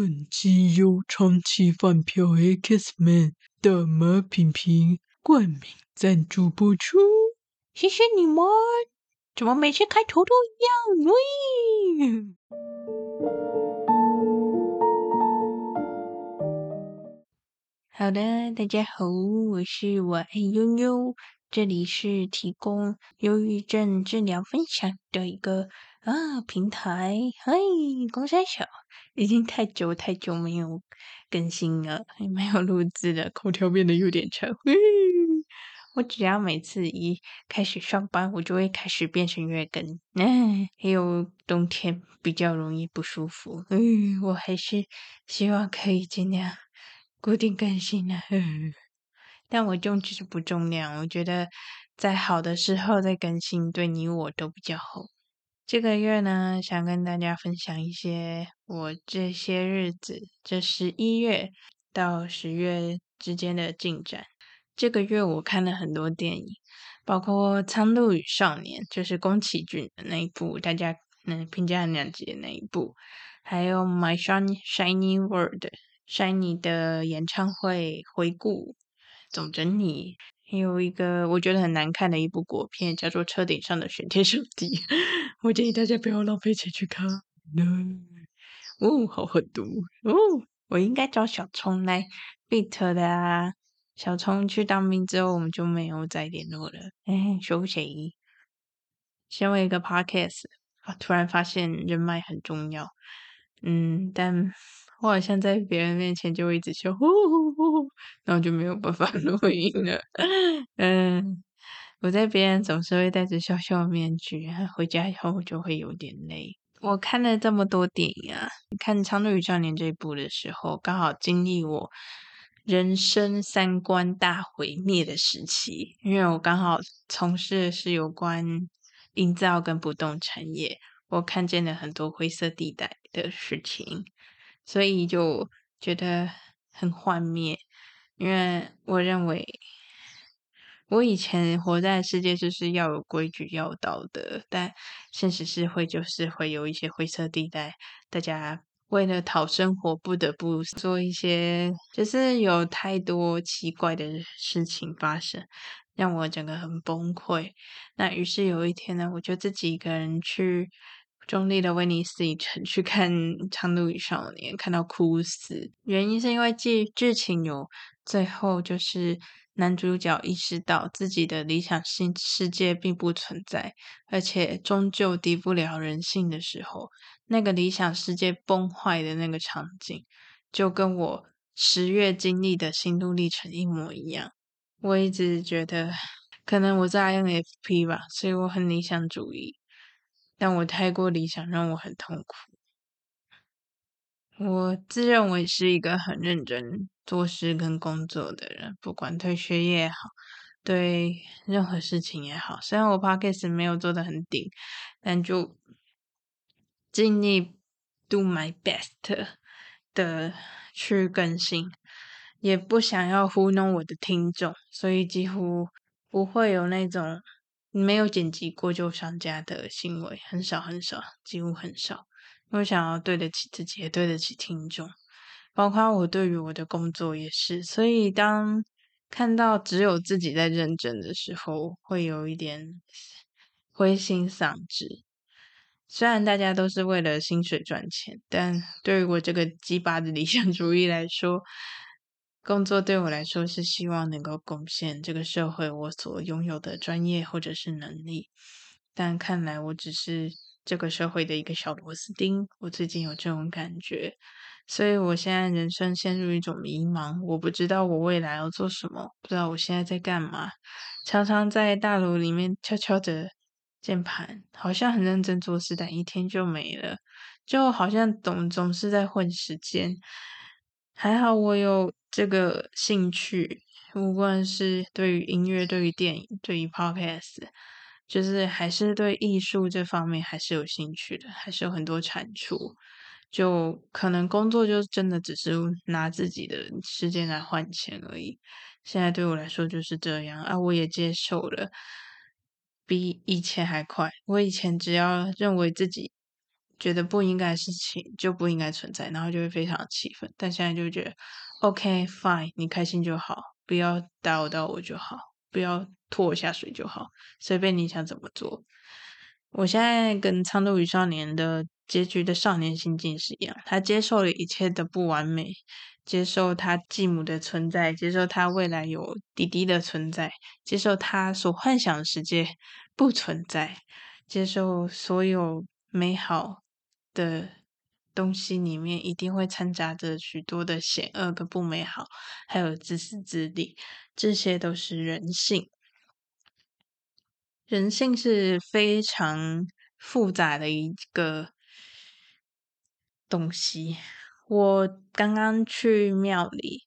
本集由長期飯票 Xman 大媽萍萍冠名贊助播出。謝謝你們，怎麼每次開頭都一樣？喂。好的，大家好，我是我愛憂憂，這裡是提供憂鬱症治療分享的一個啊平台。嗨，講三小。已經太久太久沒有更新了，也沒有錄製了。空調變得有點沉。我只要每次一開始上班，我就會開始變成月更。嗯、哎，還有冬天比較容易不舒服。嗯，我還是希望可以盡量固定更新的、啊。嗯，但我重質不重量。我覺得在好的時候再更新，對你我都比較好。這個月呢，想跟大家分享一些我這些日子，這十一月到十月之間的進展。這個月我看了很多電影，包括《蒼鷺與少年》，就是宮崎駿的那一部，大家能評價很兩極的那一部，還有《My Shiny World》、《Shiny》的演唱會回顧，總整理。有一個我覺得很難看的一部國片，叫做《車頂上的玄天聖地，》 我建議大家不要浪費錢去看，嗯。哦，好狠毒哦！我應該找小聰來 beat 的啊。小聰去當兵之後，我們就沒有再聯絡了。哎，欸，收錢。先問一個 podcast 我，啊，突然發現人脈很重要。嗯，但。我好像在別人面前就會一直笑呼呼呼，然後就沒有辦法錄音了。嗯，我在別人總是會帶着笑笑面具，然後回家以後就會有點累。我看了這麼多電影啊，看《蒼鷺與少年》這一部的時候，剛好經歷我人生三觀大毀滅的時期，因為我剛好從事的是有關營造跟不動產業，我看見了很多灰色地帶的事情。所以就覺得很幻滅，因為我認為我以前活在的世界就是要有規矩、要道德，但現實社會就是會有一些灰色地帶，大家為了討生活不得不做一些，就是有太多奇怪的事情發生，讓我整個很崩潰。那於是有一天呢，我就自己一個人去。中立的威尼斯一城去看《蒼鷺與少年》，看到哭死。原因是因為劇劇情有、哦、最後，就是男主角意識到自己的理想性世界並不存在，而且終究敵不了人性的時候，那個理想世界崩壞的那個場景，就跟我十月經歷的心路歷程一模一樣。我一直覺得，可能我在 INFP 吧，所以我很理想主義。但我太過理想，讓我很痛苦。我自認為是一個很認真做事跟工作的人，不管對學業也好，對任何事情也好。雖然我 podcast 沒有做得很頂，但就盡力 do my best 的去更新，也不想要糊弄我的聽眾，所以幾乎不會有那種。沒有剪輯過就上架的行為很少很少，幾乎很少。因為想要對得起自己，也對得起聽眾，包括我對於我的工作也是。所以當看到只有自己在認真的時候，會有一點灰心喪志。雖然大家都是為了薪水賺錢，但對於我這個雞巴的理想主義來說。工作對我來說是希望能夠貢獻這個社會，我所擁有的專業或者是能力。但看來我只是這個社會的一個小螺絲釘，我最近有這種感覺，所以我現在人生陷入一種迷茫，我不知道我未來要做什麼，不知道我現在在幹嘛，常常在大樓裡面悄悄的鍵盤，好像很認真做事，但一天就沒了，就好像總總是在混時間。還好我有這個興趣，不管是對於音樂、對於電影、對於 podcast，就是還是對藝術這方面還是有興趣的，還是有很多產出。就可能工作就真的只是拿自己的時間來換錢而已。現在對我來說就是這樣啊，我也接受了。比以前還快，我以前只要認為自己。覺得不應該事情就不應該存在，然後就會非常氣憤。但現在就覺得，OK fine，你開心就好，不要打擾到我就好，不要拖我下水就好，隨便你想怎麼做。我現在跟《蒼鷺與少年》的結局的少年心境是一樣，他接受了一切的不完美，接受他繼母的存在，接受他未來有弟弟的存在，接受他所幻想的世界不存在，接受所有美好的東西裡面一定會摻雜着許多的險惡跟不美好，還有自私自利，這些都是人性。人性是非常複雜的一個東西。我剛剛去廟裡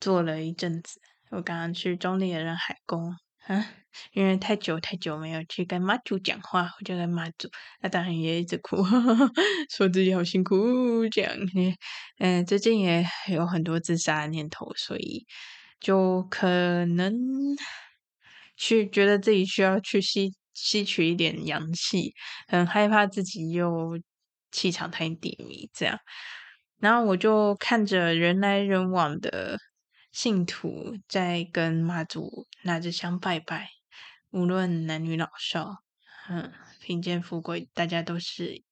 坐了一陣子，我剛剛去中壢的仁海宮。嗯、啊，因為太久太久沒有去跟媽祖講話，我就跟媽祖，那、啊、當然也一直哭呵呵，說自己好辛苦，這樣，嗯、欸欸，最近也有很多自殺的念頭，所以就可能去覺得自己需要去吸吸取一點陽氣，很害怕自己又氣場太低迷，這樣，然後我就看着人來人往的。信徒在跟媽祖拿着香拜拜，無論男女老少，嗯，貧賤富貴，大家都是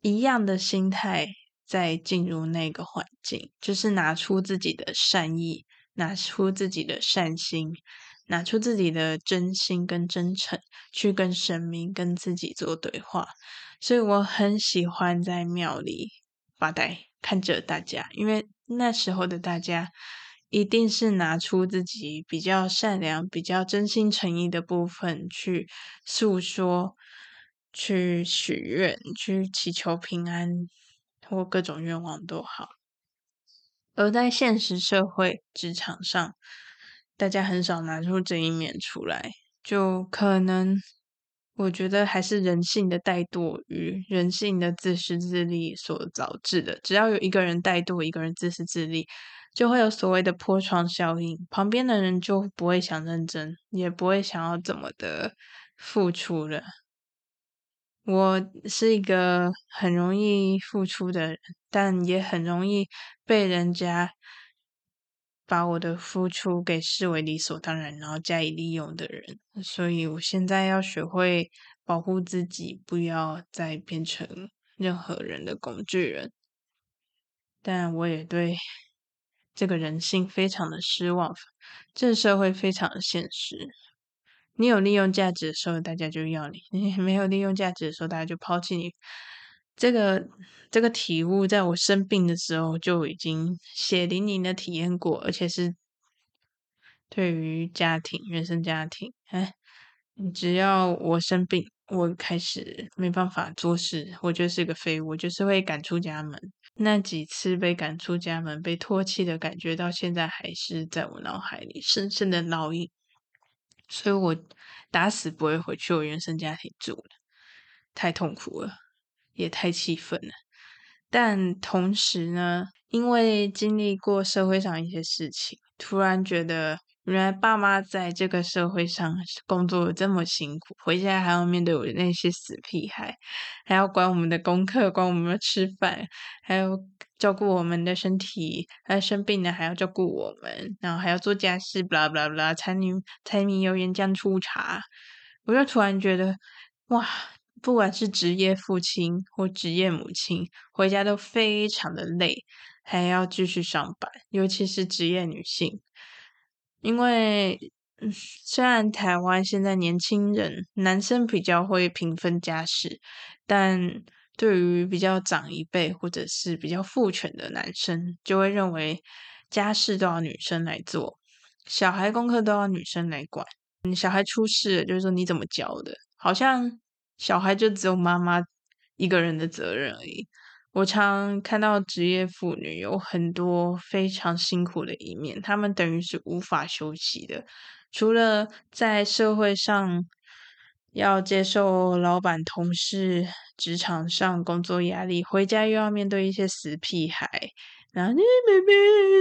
一樣的心態，在進入那個環境，就是拿出自己的善意，拿出自己的善心，拿出自己的真心跟真誠，去跟神明、跟自己做對話。所以我很喜歡在廟裡發呆，看着大家，因為。那時候的大家，一定是拿出自己比較善良、比較真心誠意的部分去訴說、去許願、去祈求平安，或各種願望都好。而在現實社會職場上，大家很少拿出這一面出來，就可能。我覺得還是人性的怠惰與人性的自私自利所導致的。只要有一個人怠惰，一個人自私自利，就會有所謂的破窗效應，旁邊的人就不會想認真，也不會想要怎麼的付出了。我是一個很容易付出的人，但也很容易被人家。把我的付出給視為理所當然，然後加以利用的人，所以我現在要學會保護自己，不要再變成任何人的工具人。但我也對這個人性非常的失望，這個社會非常的現實。你有利用價值的時候，大家就要你；你沒有利用價值的時候，大家就拋棄你。這個這個體悟，在我生病的時候就已經血淋淋的體驗過，而且是對於家庭、原生家庭。哎，你只要我生病，我開始沒辦法做事，我就是個廢物，就是會趕出家門。那幾次被趕出家門、被唾棄的感覺，到現在還是在我腦海裡深深的烙印。所以我打死不會回去我原生家庭住了，太痛苦了。也太氣憤了，但同時呢，因為經歷過社會上一些事情，突然覺得原來爸媽在這個社會上工作這麼辛苦，回家還要面對我那些死屁孩，還要管我們的功課，管我們的吃飯，還要照顧我們的身體，還、啊、生病了還要照顧我們，然後還要做家事，blah blah blah 柴米柴米油鹽醬醋茶，我就突然覺得，哇！不管是職業父親或職業母親，回家都非常的累，還要繼續上班。尤其是職業女性，因為，雖然台灣現在年輕人男生比較會平分家事，但對於比較長一輩或者是比較父權的男生，就會認為家事都要女生來做，小孩功課都要女生來管。小孩出事就是說你怎麼教的，好像。小孩就只有媽媽一個人的責任而已。我常看到職業婦女有很多非常辛苦的一面，她們等於是無法休息的，除了在社會上要接受老闆、同事、職場上工作壓力，回家又要面對一些死屁孩，然後你妹妹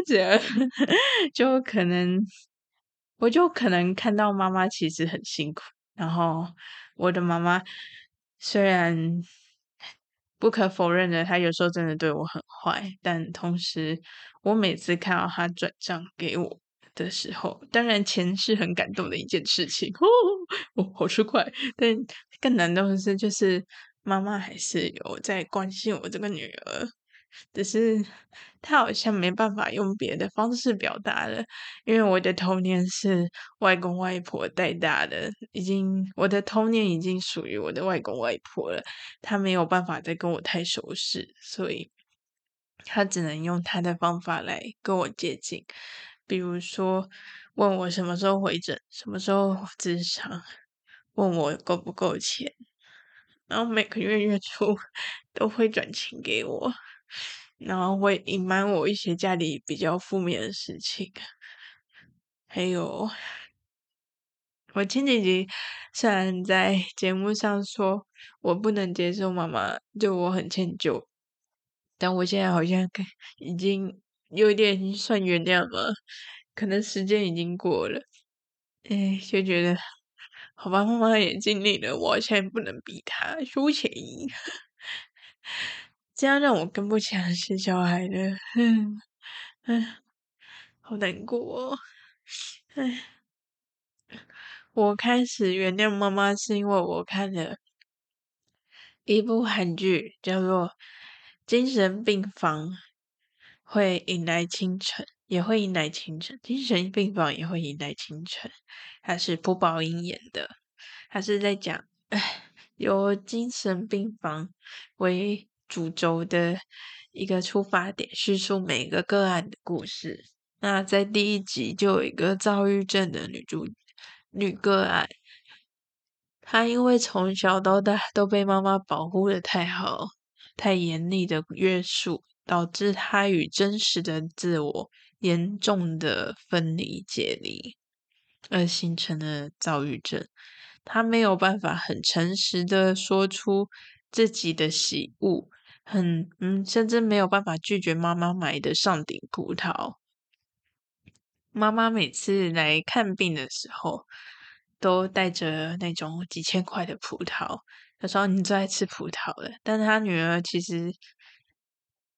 這樣， 就可能，我就可能看到媽媽其實很辛苦，然後。我的媽媽雖然不可否認的，她有時候真的對我很壞，但同時，我每次看到她轉賬給我的時候，當然錢是很感動的一件事情。哦，我、哦、好吃快，但更難的是，就是媽媽還是有在關心我這個女兒。只是他好像沒辦法用別的方式表達了，因為我的童年是外公外婆帶大的，已經我的童年已經屬於我的外公外婆了，他沒有辦法再跟我太熟識，所以他只能用他的方法來跟我接近，比如說問我什麼時候回診，什麼時候自強，問我夠不夠錢，然後每個月月初都會轉錢給我。然後會隱瞞我一些家裡比較負面的事情，還有我前幾集雖然在節目上說我不能接受媽媽對我很歉疚，但我現在好像已經有點算原諒吧，可能時間已經過了，哎，就覺得好吧，媽媽也盡力了，我現在不能逼她，輸錢。這樣讓我跟不起生小孩的，哎，好難過，哎，我開始原諒媽媽是因為我看了一部韓劇，叫做《精神病房》，會迎來清晨，也會迎來清晨，精神病房也會迎來清晨，它是朴寶英演的，它是在講、呃，有精神病房為。主軸的一個出發點，敘述每個個案的故事。那在第一集就有一個躁鬱症的女主女個案，她因為從小到大都被媽媽保護的太好，太嚴厲的約束，導致她與真實的自我嚴重的分離解離，而形成了躁鬱症。她沒有辦法很誠實的說出自己的喜惡。很嗯，甚至沒有辦法拒絕媽媽買的上等葡萄。媽媽每次來看病的時候，都帶着那種幾千塊的葡萄。她說你最愛吃葡萄了，但她女兒其實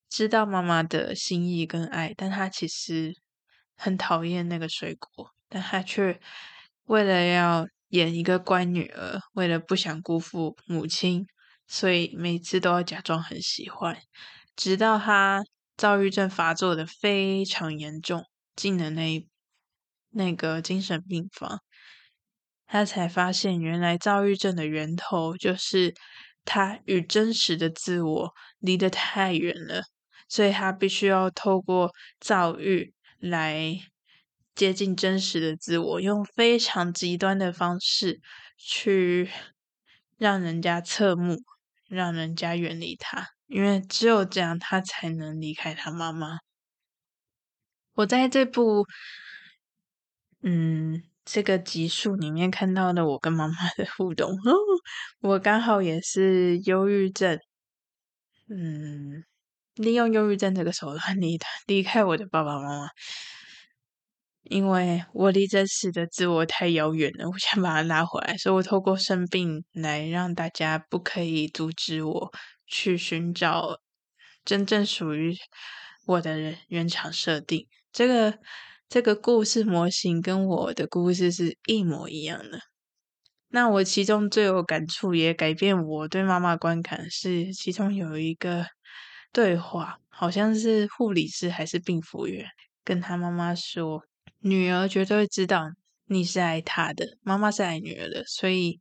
知道媽媽的心意跟愛，但她其實很討厭那個水果，但她卻為了要演一個乖女兒，為了不想辜負母親。所以每次都要假裝很喜歡，直到他躁鬱症發作的非常嚴重，進了那那個精神病房，他才發現原來躁鬱症的源頭就是他與真實的自我離得太遠了，所以他必須要透過躁鬱來接近真實的自我，用非常極端的方式去讓人家側目。讓人家遠離他，因為只有這樣，他才能離開他媽媽。我在這部，嗯，這個集數裡面看到的，我跟媽媽的互動，呵呵，我剛好也是憂鬱症，嗯，利用憂鬱症這個手段，離離開我的爸爸媽媽。因為我離真實的自我太遙遠了，我想把它拉回來，所以我透過生病來讓大家不可以阻止我去尋找真正屬於我的人。原廠設定這個這個故事模型跟我的故事是一模一樣的。那我其中最有感觸，也改變我對媽媽的觀感是其中有一個對話，好像是護理師還是病服員跟他媽媽說。女兒絕對會知道你是愛她的，媽媽是愛女兒的，所以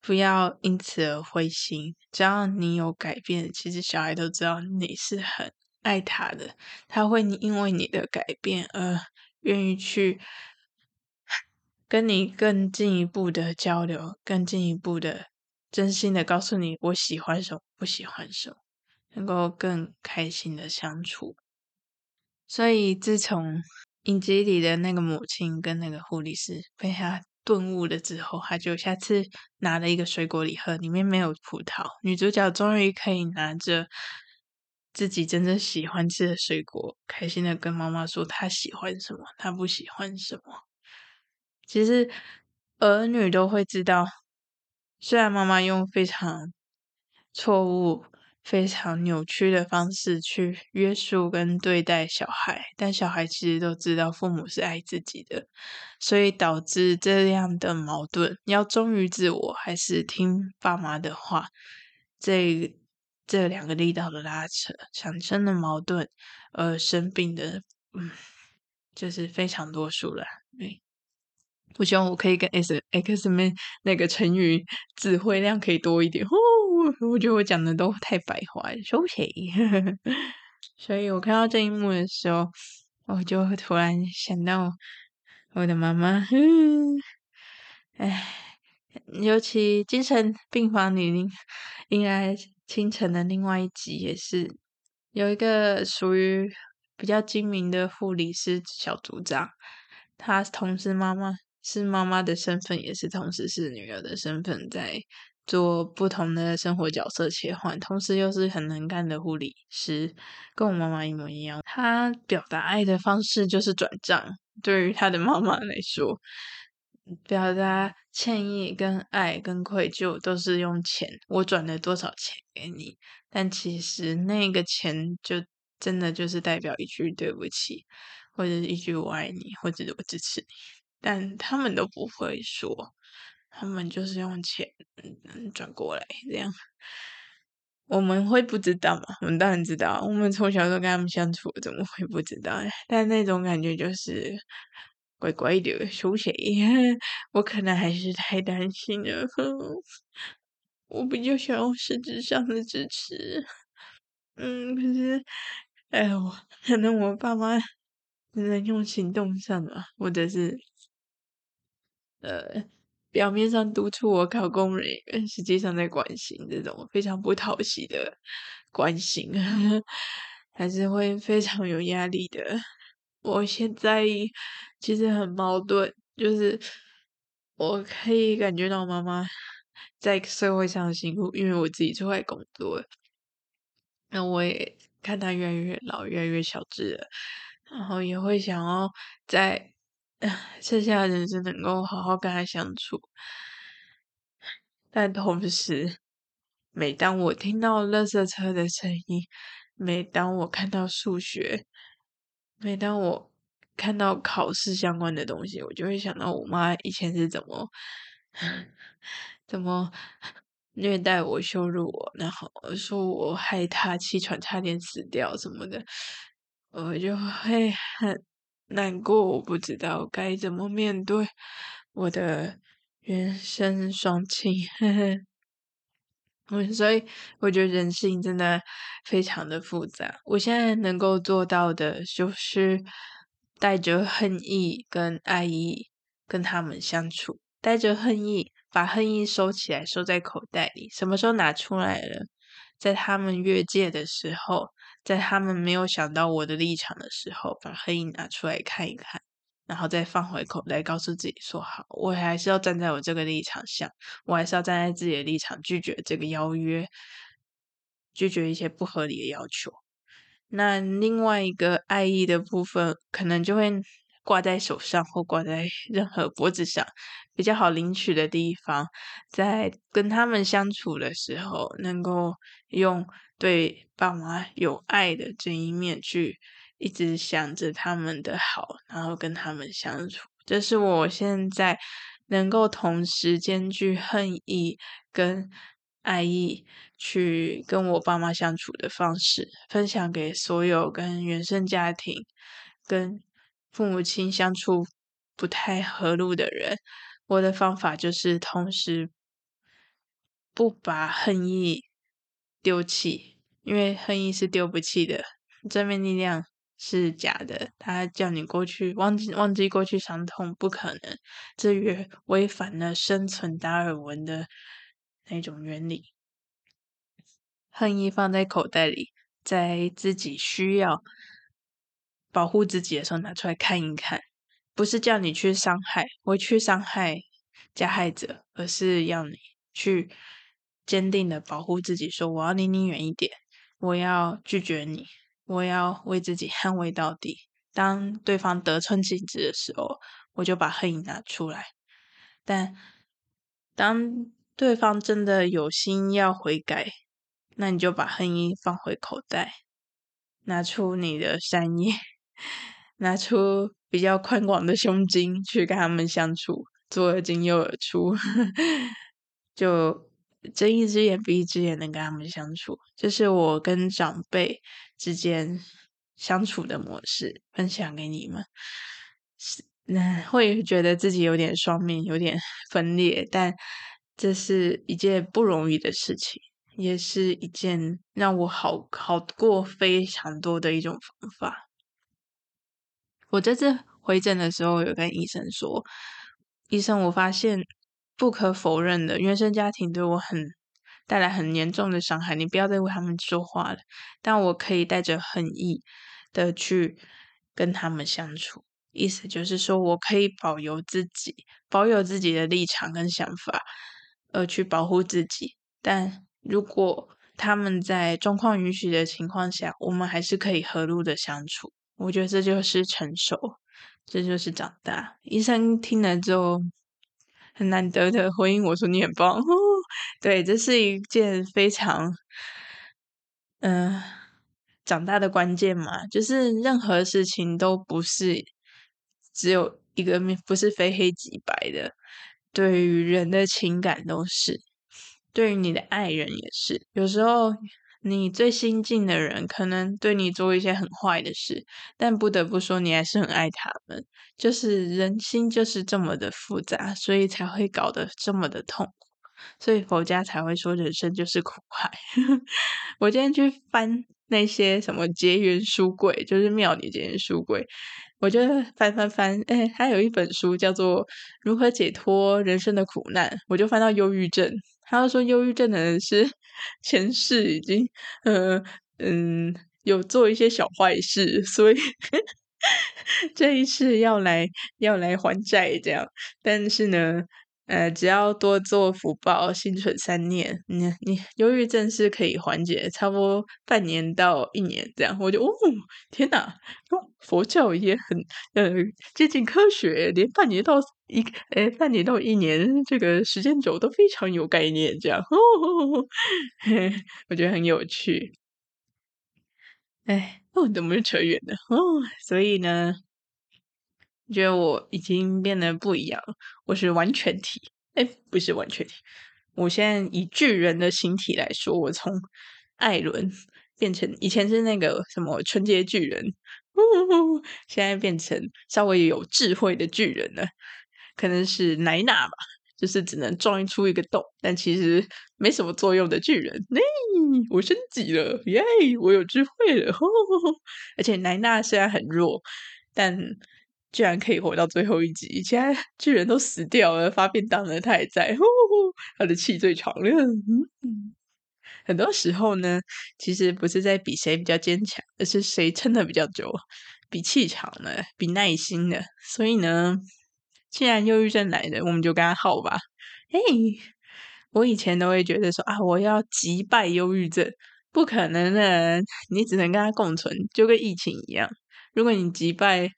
不要因此而灰心。只要你有改變，其實小孩都知道你是很愛她的，她會因為你的改變而願意去跟你更進一步的交流，更進一步的真心的告訴你我喜歡什麼，不喜歡什麼，能夠更開心的相處。所以自從。英吉裡的那個母親跟那個護理師被他頓悟了之後，他就下次拿了一個水果禮盒，裡面沒有葡萄。女主角終於可以拿着自己真正喜歡吃的水果，開心的跟媽媽說她喜歡什麼，她不喜歡什麼。其實兒女都會知道，雖然媽媽用非常錯誤。非常扭曲的方式去約束跟對待小孩，但小孩其實都知道父母是愛自己的，所以導致這樣的矛盾：你要忠於自我還是聽爸媽的話？這個、這兩個力道的拉扯產生的矛盾，呃，生病的，嗯，就是非常多數了。對，我希望我可以跟 S, Xman 那個成語，詞彙量可以多一點。呼呼我覺得我講的都太白話了，羞恥。所以我看到這一幕的時候，我就突然想到我的媽媽。哎、嗯，尤其精神病房裡迎來清晨的另外一集也是有一個屬於比較精明的護理師小組長，她同時媽媽是媽媽的身份，也是同時是女兒的身份在。做不同的生活角色切換，同時又是很能幹的護理師，跟我媽媽一模一樣。她表達愛的方式就是轉賬。對於她的媽媽來說，表達歉意、跟愛、跟愧疚，都是用錢。我轉了多少錢給你？但其實那個錢就真的就是代表一句對不起，或者一句我愛你，或者我支持你。但他們都不會說。他們就是用錢轉過來這樣，我們會不知道嘛？我們當然知道，我們從小就跟他們相處，怎麼會不知道？但那種感覺就是乖乖的，休息一下，我可能還是太擔心了。哼，我比較想用實質上的支持，嗯，可是，哎，我可能我爸媽只能用行動上的，或者是，呃。表面上督促我考公人員，實際上在關心這種非常不討喜的關心，還是會非常有壓力的。我現在其實很矛盾，就是我可以感覺到媽媽在社會上辛苦，因為我自己出來工作，那我也看她越來越老，越來越小資了，然後也會想要在。剩下的人生能夠好好跟他相處，但同時，每當我聽到垃圾車的聲音，每當我看到數學，每當我看到考試相關的東西，我就會想到我媽以前是怎麼怎麼虐待我、羞辱我，然後說我害她氣喘差點死掉什麼的，我就會很。難過，我不知道該怎麼面對我的原生雙親。呵呵，嗯，所以我覺得人性真的非常的複雜。我現在能夠做到的就是帶着恨意跟愛意跟他們相處，帶着恨意，把恨意收起來，收在口袋裡。什麼時候拿出來了？在他們越界的時候。在他們沒有想到我的立場的時候，把恨意拿出來看一看，然後再放回口袋，告訴自己說：“好，我還是要站在我這個立場上，我還是要站在自己的立場拒絕這個邀約，拒絕一些不合理的要求。”那另外一個愛意的部分，可能就會掛在手上或掛在任何脖子上比較好領取的地方，在跟他們相處的時候，能夠用。對爸媽有愛的這一面去，去一直想着他們的好，然後跟他們相處，這是我現在能夠同時兼具恨意跟愛意去跟我爸媽相處的方式。分享給所有跟原生家庭、跟父母親相處不太和睦的人，我的方法就是同時不把恨意丟棄。因為恨意是丟不起的，正面力量是假的。他叫你過去忘記忘記過去傷痛，不可能。至於違反了生存達爾文的那種原理。恨意放在口袋裡，在自己需要保護自己的時候拿出來看一看。不是叫你去傷害，我去傷害加害者，而是要你去堅定的保護自己，說我要離你遠一點。我要拒絕你，我要為自己捍衛到底。當對方得寸進尺的時候，我就把恨意拿出來；但當對方真的有心要悔改，那你就把恨意放回口袋，拿出你的善意，拿出比較寬廣的胸襟去跟他們相處，左耳進右耳出， 就。睜一隻眼閉一隻眼，能跟他們相處，這是我跟長輩之間相處的模式。分享給你們，是嗯，會覺得自己有點雙面，有點分裂，但這是一件不容易的事情，也是一件讓我好好過非常多的一種方法。我這次回診的時候，有跟醫生說，醫生，我發現。不可否認的，原生家庭對我很帶來很嚴重的傷害。你不要再為他們說話了，但我可以帶着恨意的去跟他們相處。意思就是說，我可以保有自己、保有自己的立場跟想法，呃，去保護自己。但如果他們在狀況允許的情況下，我們還是可以和睦的相處。我覺得這就是成熟，這就是長大。醫生聽了之後。很難得的婚姻，我說你很棒呼呼。對，這是一件非常嗯、長大的關鍵嘛，就是任何事情都不是只有一個面，不是非黑即白的。對於人的情感都是，對於你的愛人也是。有時候。你最親近的人可能對你做一些很壞的事，但不得不說你還是很愛他們。就是人心就是這麼的複雜，所以才會搞得這麼的痛苦。所以佛家才會說人生就是苦海。 我今天去翻那些什麼結緣書櫃，就是廟裡結緣書櫃，我就翻翻翻，誒、欸、還有一本書叫做《如何解脫人生的苦難》，我就翻到憂鬱症。他說憂鬱：“憂鬱症的人是前世已經，嗯、呃、嗯，有做一些小壞事，所以 這一世要來要來還債這樣。但是呢。”呃，只要多做福報，心存善念，你你憂鬱症是可以緩解，差不多半年到一年這樣。我就哦，天哪，佛教也很呃接近科學，連半年到一誒、欸，半年到一年這個時間軸都非常有概念，這樣哦，哦嘿，我覺得很有趣。哎、欸、那我、哦、怎麼扯遠了哦？所以呢？覺得我已經變得不一樣，我是完全體，誒、欸、不是完全體。我現在以巨人的形體來說，我從艾倫變成以前是那個什麼純潔巨人，現在變成稍微有智慧的巨人了。可能是萊納吧，就是只能撞出一個洞，但其實沒什麼作用的巨人。耶、欸，我升級了！耶，我有智慧了。而且萊納雖然很弱，但……居然可以活到最後一集，其他巨人都死掉了，發便當了，他還在，呼呼呼他的氣最長了、嗯。很多時候呢，其實不是在比誰比較堅強，而是誰撐得比較久，比氣長呢，比耐心的。所以呢，既然憂鬱症來了，我們就跟他耗吧。哎、hey,，我以前都會覺得說啊，我要擊敗憂鬱症，不可能的，你只能跟他共存，就跟疫情一樣。如果你擊敗，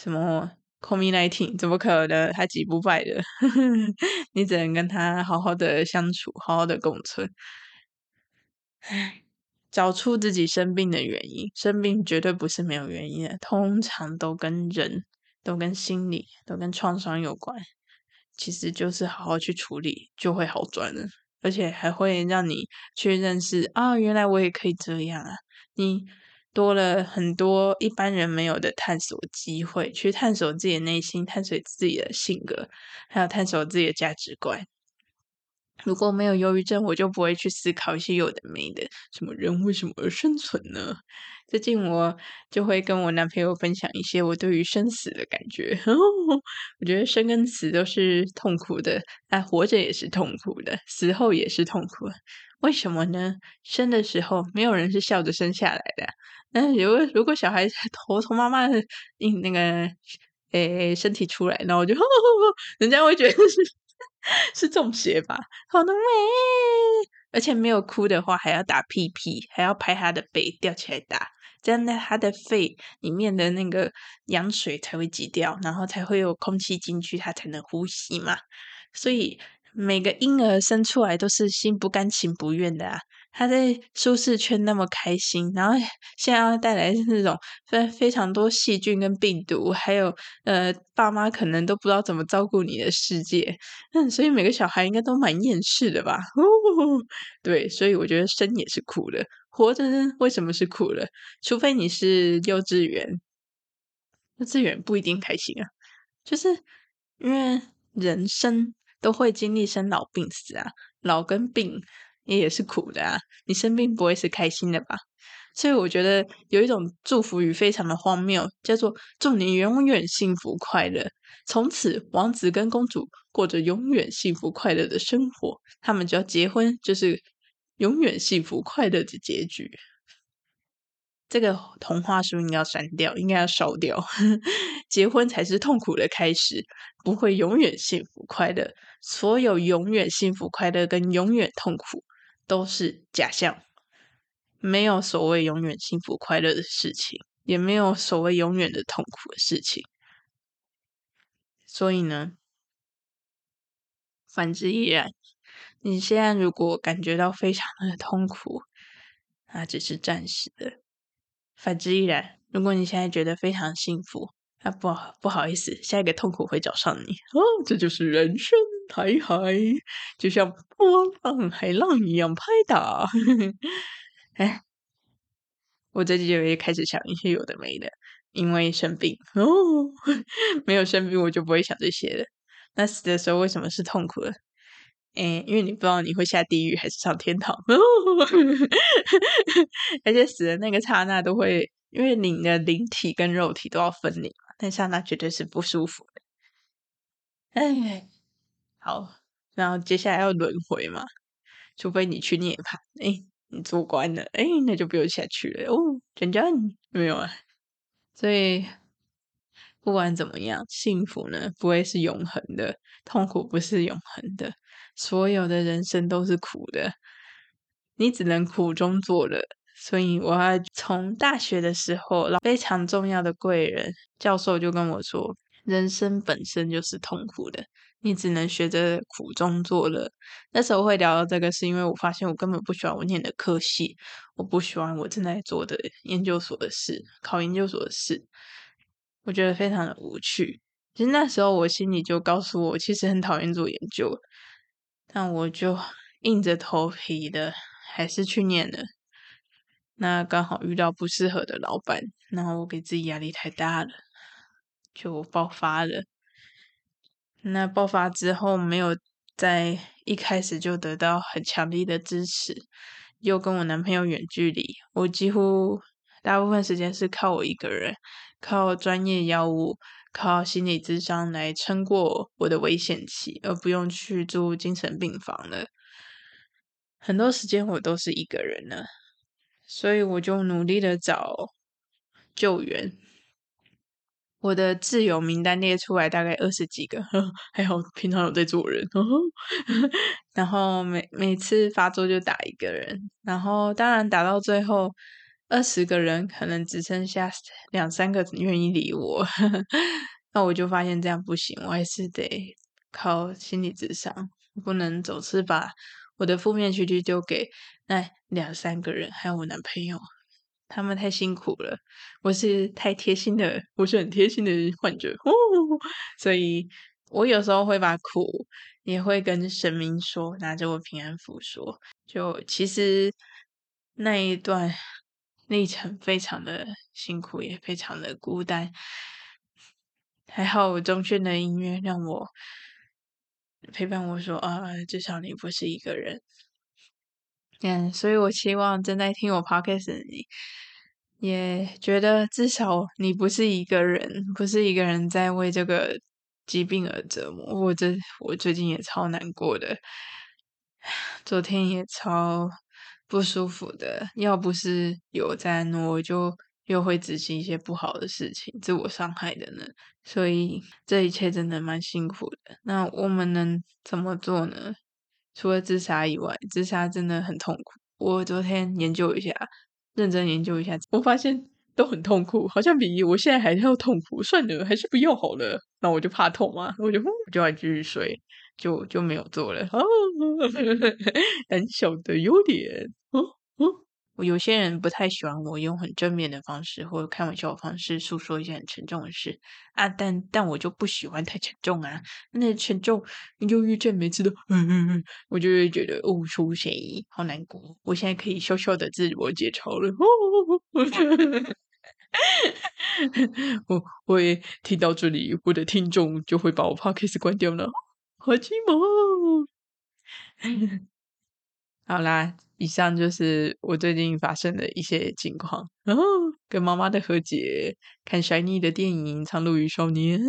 什麼？Call me nineteen？怎麼可能？他擊不敗的， 你只能跟他好好的相處，好好的共存。 哎，找出自己生病的原因，生病絕對不是沒有原因的，通常都跟人都跟心理都跟創傷有關。其實就是好好去處理，就會好轉了，而且還會讓你去認識啊、哦，原來我也可以這樣啊，你。多了很多一般人沒有的探索機會，去探索自己的內心，探索自己的性格，還有探索自己的價值觀。如果沒有憂鬱症，我就不會去思考一些有的沒的。什麼人為什麼而生存呢？最近我就會跟我男朋友分享一些我對於生死的感覺。 我覺得生跟死都是痛苦的，但活着也是痛苦的，死後也是痛苦。為什麼呢？生的時候沒有人是笑着生下來的，啊。嗯，有如果小孩頭從媽媽那那個誒、欸、身體出來，那我就呵呵呵人家會覺得是。 是中邪吧？好的喂，而且沒有哭的話，還要打屁屁，還要拍他的背，吊起來打，這樣他的肺裡面的那個羊水才會擠掉，然後才會有空氣進去，他才能呼吸嘛。所以每個嬰兒生出來都是心不甘情不願的啊。他在舒適圈那麼開心，然後現在要帶來的是那種非非常多細菌跟病毒，還有呃，爸媽可能都不知道怎麼照顧你的世界。嗯，所以每個小孩應該都蠻厭世的吧？ 對，所以我覺得生也是苦的，活着為什麼是苦的？除非你是幼稚園，幼稚園不一定開心啊，就是因為人生都會經歷生老病死啊，老跟病。也也是苦的啊！你生病不會是開心的吧？所以我覺得有一種祝福語非常的荒謬，叫做“祝你永遠幸福快樂”。從此，王子跟公主過着永遠幸福快樂的生活，他們只要結婚，就是永遠幸福快樂的結局。這個童話書應該要刪掉，應該要燒掉。 結婚才是痛苦的開始，不會永遠幸福快樂。所有永遠幸福快樂跟永遠痛苦。都是假象，沒有所謂永遠幸福快樂的事情，也沒有所謂永遠的痛苦的事情。所以呢，反之亦然。你現在如果感覺到非常的痛苦，那、啊、只是暫時的。反之亦然。如果你現在覺得非常幸福，啊，不，不好意思，下一個痛苦會找上你。哦，這就是人生。台海就像波浪、海浪一樣拍打。哎， 我這幾天也開始想一些有的沒的，因為生病哦，沒有生病我就不會想這些了。那死的時候為什麼是痛苦的？哎，因為你不知道你會下地獄還是上天堂。哦、 而且死的那個剎那都會，因為你的靈體跟肉體都要分離嘛，那剎那絕對是不舒服的。哎。好，然後接下來要輪迴嘛？除非你去涅槃。哎，你做官了，哎，那就不用下去了。哦，真正沒有啊。所以不管怎麼樣，幸福呢不會是永恆的，痛苦不是永恆的，所有的人生都是苦的。你只能苦中作樂。所以我，我從大學的時候，非常重要的貴人教授就跟我說，人生本身就是痛苦的。你只能學着苦中作樂。那時候會聊到這個，是因為我發現我根本不喜歡我念的科系，我不喜歡我正在做的研究所的事，考研究所的事，我覺得非常的無趣。其實那時候我心裡就告訴我，我其實很討厭做研究，但我就硬着頭皮的還是去念了。那剛好遇到不適合的老板，然後我給自己壓力太大了，就爆發了。那爆發之後，沒有在一開始就得到很強力的支持，又跟我男朋友遠距離，我幾乎大部分時間是靠我一個人，靠專業藥物，靠心理諮商來撐過我的危險期，而不用去住精神病房了。很多時間我都是一個人呢，所以我就努力的找救援。我的摯友名單列出來大概二十幾個，呵，還好平常有在做人。呵呵 然後每每次發作就打一個人，然後當然打到最後二十個人可能只剩下兩三個願意理我。呵呵。那我就發現這樣不行，我還是得靠心理諮商，不能總是把我的負面情緒丟給那兩三個人，還有我男朋友。他們太辛苦了，我是太貼心的，我是很貼心的患者，哦，所以，我有時候會把苦也會跟神明說，拿着我平安符說，就其實那一段歷程非常的辛苦，也非常的孤單，還好我中圈的音樂讓我陪伴我說啊，至少你不是一個人。嗯、yeah，所以我希望正在聽我 podcast 的你，也覺得至少你不是一個人，不是一個人在為這個疾病而折磨。我這我最近也超難過的，昨天也超不舒服的。要不是有詹，我就又會執行一些不好的事情，自我傷害的呢。所以這一切真的蠻辛苦的。那我們能怎麼做呢？除了自殺以外，自殺真的很痛苦。我昨天研究一下，認真研究一下，我發現都很痛苦，好像比我現在還要痛苦。算了，還是不要好了。那我就怕痛嘛、啊，我就就來繼續睡，就就沒有做了。哦，膽小的優點，哦哦。我有些人，不太喜歡我用很正面的方式或者開玩笑的方式訴說一些很沉重的事啊，但但我就不喜歡太沉重啊。那沉重憂鬱症每次都、嗯，我就會覺得哦，出誰好難過。我現在可以笑笑的自我解嘲了。哦哦哦哦 我我也聽到這裡，我的聽眾就會把我 podcast 關掉了。好寂寞。 好啦。以上就是我最近發生的一些情況，然、哦、後跟媽媽的和解，看 Shiny 的電影，《蒼鷺與少年》，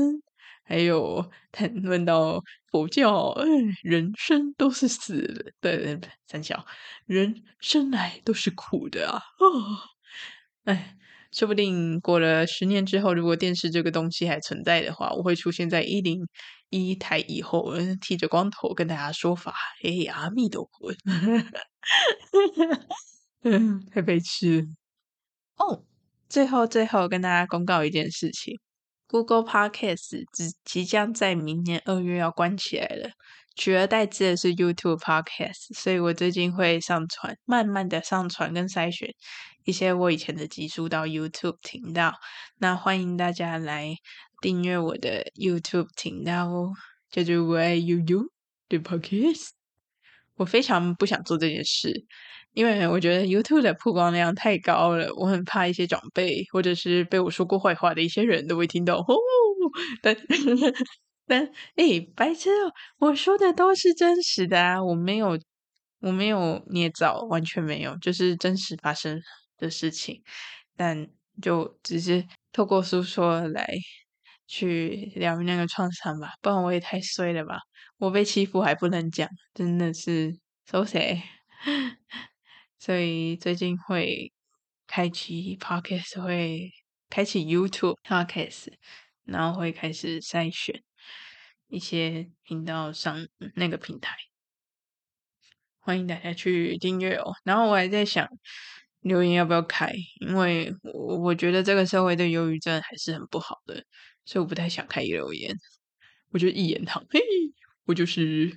還有談論到佛教、哎，人生都是死的，對，對三小人生來都是苦的啊，哦，哎，說不定過了十年之後，如果電視這個東西還存在的話，我會出現在一零。一台以後我剃着光頭跟大家說法，哎，阿彌陀佛，啊， 嗯，太白痴哦。Oh, 最後，最後跟大家公告一件事情，Google Podcast 只即將在明年二月要關起來了，取而代之的是 YouTube Podcast，所以我最近會上傳，慢慢的上傳跟篩選。一些我以前的集數到 YouTube 聽到，那歡迎大家來訂閱我的 YouTube 頻道，哦，叫做我愛憂憂對吧？Podcast，我非常不想做這件事，因為我覺得 YouTube 的曝光量太高了，我很怕一些長輩或者是被我說過壞話的一些人都會聽到哦。但，等，哎、欸，白痴哦，我說的都是真實的啊，我沒有，我沒有捏造，完全沒有，就是真實發生。的事情，但就只是透過訴說來去療癒那個創傷吧，不然我也太衰了吧！我被欺負還不能講，真的是 so sad 所以最近會開啟 Podcast，會開啟 YouTube Podcast，然後會開始篩選一些頻道上那個平台，歡迎大家去訂閱哦。然後我還在想。留言要不要開？因為我我覺得這個社會對憂鬱症還是很不好的，所以我不太想開一個留言。我就一言堂，嘿，我就是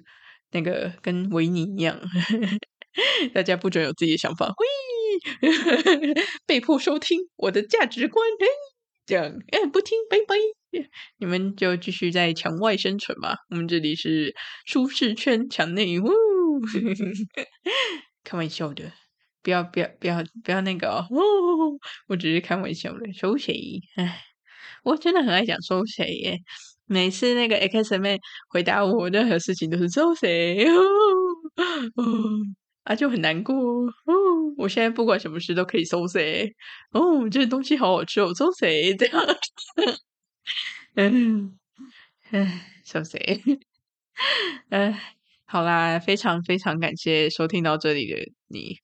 那個跟維尼一樣， 大家不准有自己的想法，嘿， 被迫收聽我的價值觀，嘿，這樣，哎，不聽，拜拜，你們就繼續在牆外生存吧。我們這裡是舒適圈，牆內嗚， 開玩笑的。不要不要不要不要那個哦！哦，我只是開玩笑的，So sad。哎，我真的很愛講 So sad 耶！每次那個 Xman 回答我任何事情都是 So sad 哦，哦，啊，就很難過哦！我現在不管什麼事都可以 So sad 哦，這東西好好吃哦，So sad 這樣。嗯 嗯，So sad。嗯，好啦，非常非常感謝收聽到這裡的你。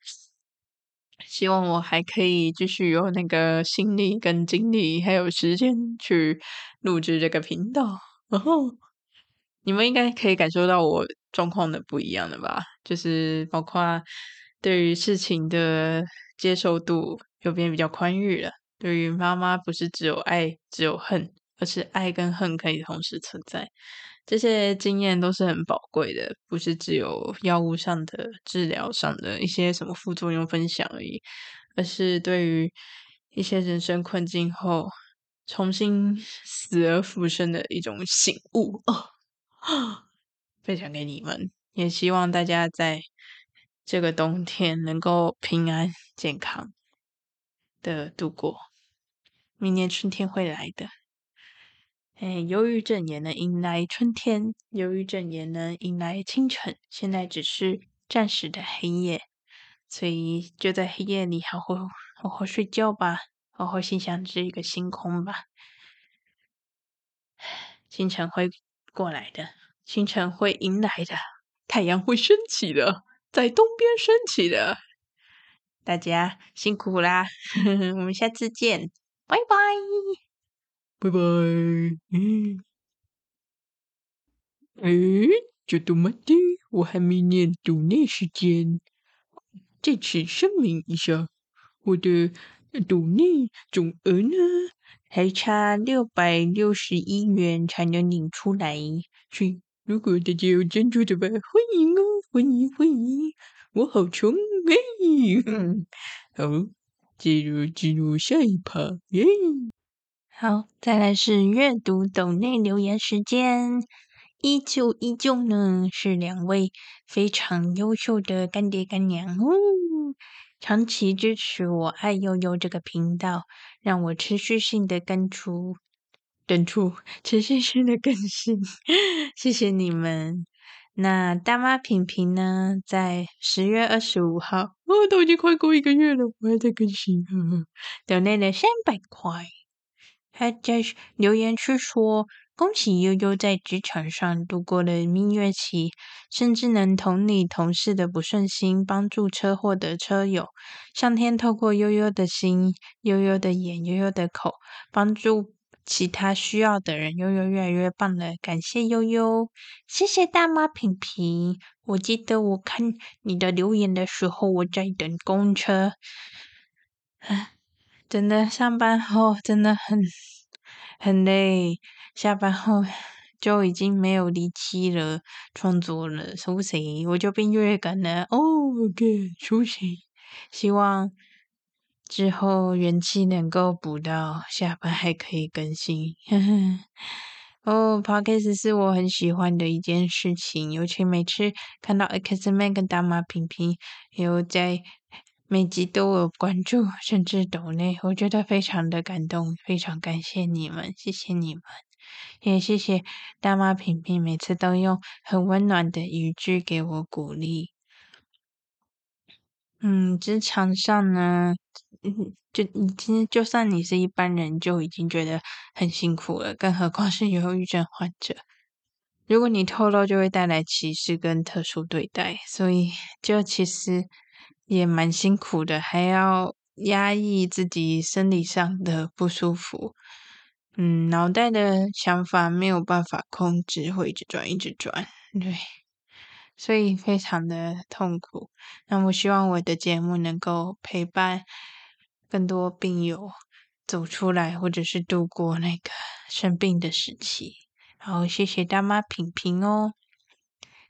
希望我還可以繼續有那個心力、跟精力，還有時間去錄製這個頻道。然後你們應該可以感受到我狀況的不一樣了吧？就是包括對於事情的接受度又變比較寬裕了。對於媽媽，不是只有愛，只有恨，而是愛跟恨可以同時存在。這些經驗都是很寶貴的，不是只有藥物上的、治療上的一些什麼副作用分享而已，而是對於一些人生困境後重新死而復生的一種醒悟哦，分享給你們，也希望大家在這個冬天能夠平安健康的度過，明年春天會來的。哎、欸，憂鬱症也能迎來春天，憂鬱症也能迎來清晨。現在只是暫時的黑夜，所以就在黑夜裡好好好好睡覺吧，好好欣賞這一個星空吧。清晨會過來的，清晨會迎來的，太陽會升起的，在東邊升起的。大家辛苦啦， 我們下次見，拜拜。拜拜。哎，小豆麻豆，我還沒念斗內時間。再次聲明一下，我的斗內總額呢，還差六百六十一元才能領出來。所以，如果大家有贊助的話，歡迎哦，歡迎歡迎，我好窮哎。 好，進入進入下一趴耶、哎。好，再來是閱讀抖內留言時間，依舊依舊呢是兩位非常優秀的乾爹乾娘，嗯，長期支持我愛憂憂這個頻道，讓我持續性的更出、等出、持續性的更新， 謝謝你們。那大媽萍萍呢，在十月二十五號，哦，都已經快過一個月了，我還在更新啊，嗯、抖內了三百塊。還在留言區說：“恭喜悠悠在職場上度過了蜜月期，甚至能同你同事的不順心，幫助車禍的車友。上天透過悠悠的心、悠悠的眼、悠悠的口，幫助其他需要的人。悠悠越來越棒了，感謝悠悠，謝謝大媽萍萍。我記得我看你的留言的時候，我在等公車。 ”真的上班後真的很很累，下班後就已經沒有力氣了，創作了休息，我就變優越感了。哦、oh,，OK，休息，希望之後元氣能夠補到，下班還可以更新。呵呵。哦、oh,，Podcast 是我很喜歡的一件事情，尤其每次看到 Xman 跟大媽萍萍又在。每集都有關注，甚至抖內，我覺得非常的感動，非常感謝你們，謝謝你們，也謝謝大媽萍萍，每次都用很溫暖的語句給我鼓勵。嗯，職場上呢，嗯，就已經就算你是一般人，就已經覺得很辛苦了，更何況是憂鬱症患者。如果你透露，就會帶來歧視跟特殊對待，所以就其實。也蠻辛苦的，還要壓抑自己生理上的不舒服，嗯，腦袋的想法沒有辦法控制，會一直轉，一直轉，對，所以非常的痛苦。那我希望我的節目能夠陪伴更多病友走出來，或者是度過那個生病的時期。然後謝謝大媽萍萍哦。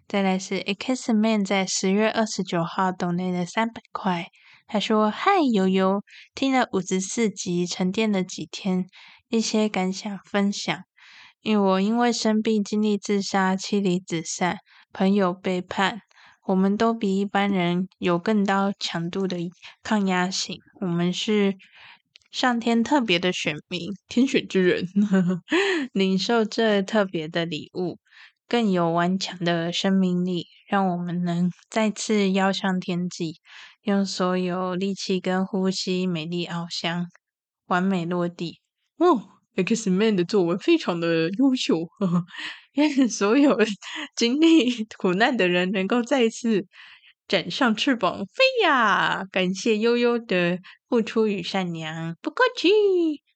再來是 X Man 在十月二十九號斗內的三百塊，他說：“嗨，悠悠，聽了五十四集，沉澱了幾天，一些感想分享。因為我因為生病經歷自殺，妻離子散，朋友背叛，我們都比一般人有更高強度的抗壓性，我們是上天特別的選民，天選之人，呵呵，領受這特別的禮物。”更有頑強的生命力，讓我們能再次翱上天際，用所有力氣跟呼吸，美麗翱翔，完美落地。哦，X Man 的作文非常的優秀，呵呵。願所有經歷苦難的人能夠再次展上翅膀飛呀、啊！感謝悠悠的付出與善良，不客氣，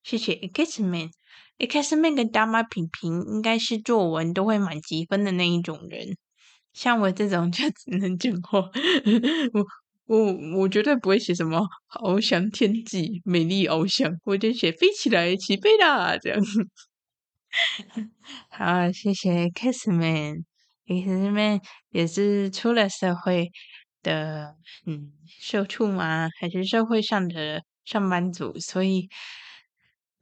謝謝 X Man。Xman 跟大媽萍萍應該是作文都會滿級分的那一種人，像我這種就只能講話我。我我我絕對不會寫什麼翱翔天際、美麗翱翔，我就寫飛起來、起飛啦這樣子。好，謝謝 Xman，Xman 也是出了社會的，嗯，社畜嘛，還是社會上的上班族？所以。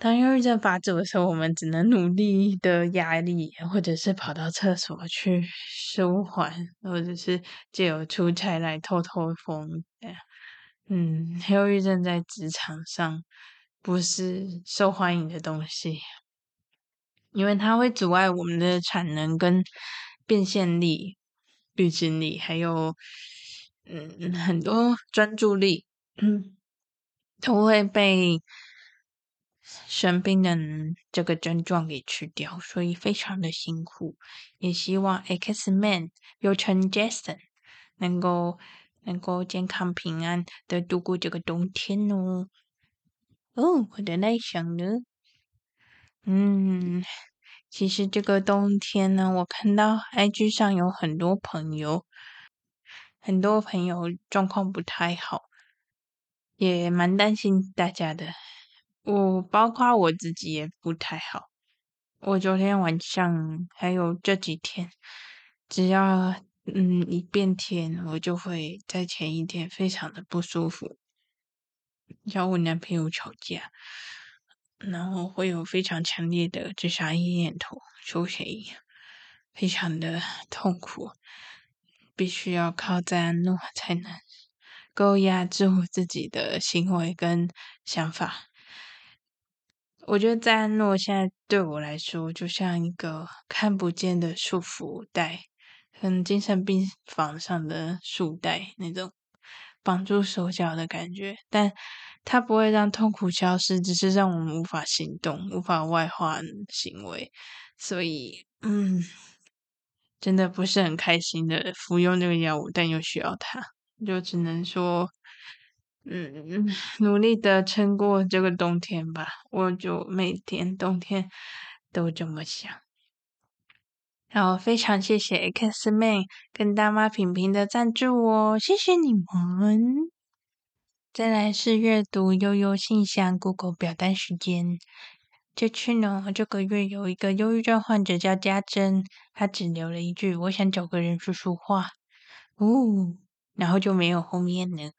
當憂鬱症發作的時候，我們只能努力的壓力，或者是跑到廁所去舒緩，或者是借由出差來透透風。這樣。嗯，憂鬱症在職場上不是受歡迎的東西，因為它會阻礙我們的產能跟變現力、預知力，還有嗯很多專注力，嗯，都會被。生病的這個症狀給吃掉，所以非常的辛苦。也希望 X Man 又稱 Jason，能夠能夠健康平安的度過這個冬天哦。哦，我的內向呢？嗯，其實這個冬天呢，我看到 IG 上有很多朋友，很多朋友狀況不太好，也蠻擔心大家的。我包括我自己也不太好。我昨天晚上還有這幾天，只要嗯一變天，我就會在前一天非常的不舒服，找我男朋友吵架，然後會有非常強烈的自殺意念頭、出現一樣，非常的痛苦，必須要靠贊安諾才能夠壓制我自己的行為跟想法。我覺得在安諾現在對我來說，就像一個看不見的束縛帶，跟精神病房上的束帶那種綁住手腳的感覺。但它不會讓痛苦消失，只是讓我們無法行動，無法外化行為。所以，嗯，真的不是很開心的服用這個藥物，但又需要它，就只能說。嗯，努力的撐過這個冬天吧。我就每天冬天都這麼想。然後非常謝謝 Xman 跟大媽萍萍的贊助哦，謝謝你們。再來是閱讀憂憂信箱，Google 表單時間。這期呢，這個月有一個憂鬱症患者叫家珍，他只留了一句：“我想找個人說說話。”哦，然後就沒有後面了。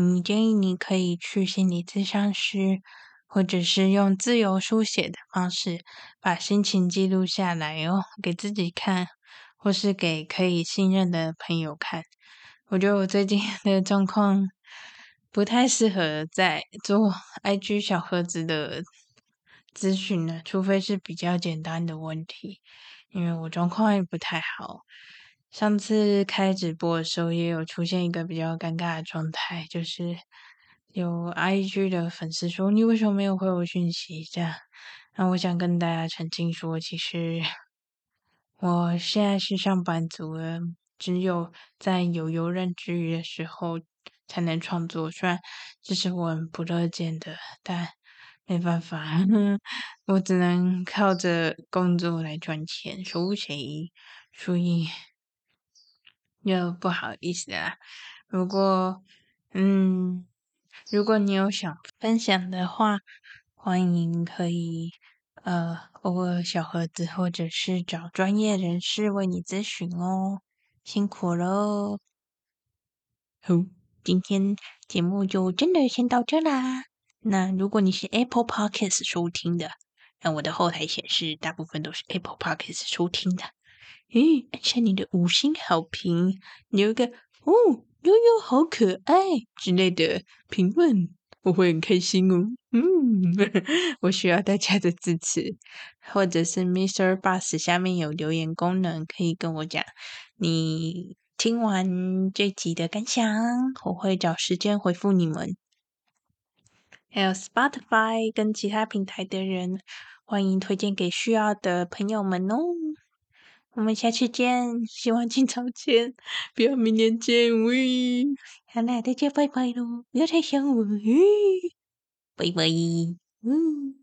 你建議你可以去心理諮商師，或者是用自由書寫的方式把心情記錄下來哦，給自己看，或是給可以信任的朋友看。我覺得我最近的狀況不太適合在做 IG 小盒子的諮詢了，除非是比較簡單的問題，因為我狀況也不太好。上次開直播的時候，也有出現一個比較尷尬的狀態，就是有 IG 的粉絲說：“你為什麼沒有回我訊息？”這樣，那、啊、我想跟大家澄清說，其實我現在是上班族了，只有在有游刃之餘的時候才能創作。雖然這是我很不樂見的，但沒辦法呵呵，我只能靠着工作來賺錢，收錢，所以。就不好意思啦，啊，如果嗯，如果你有想分享的話，歡迎可以呃，偶爾小盒子或者是找專業人士為你諮詢哦。辛苦了，好，今天節目就真的先到這啦。那如果你是 Apple Podcast 收聽的，那我的後台顯示大部分都是 Apple Podcast 收聽的。嗯，按下你的五星好評，留個“哦悠悠好可愛”之類的評論，我會很開心哦。嗯，我需要大家的支持，或者是 Mr. Bus 下面有留言功能，可以跟我講你聽完這集的感想，我會找時間回復你們。還有 Spotify 跟其他平台的人，歡迎推薦給需要的朋友們哦。我們下次見，希望今朝見，不要明年見，喂。好啦，大家拜拜嘍，不要太想我，喂，拜拜，嗯。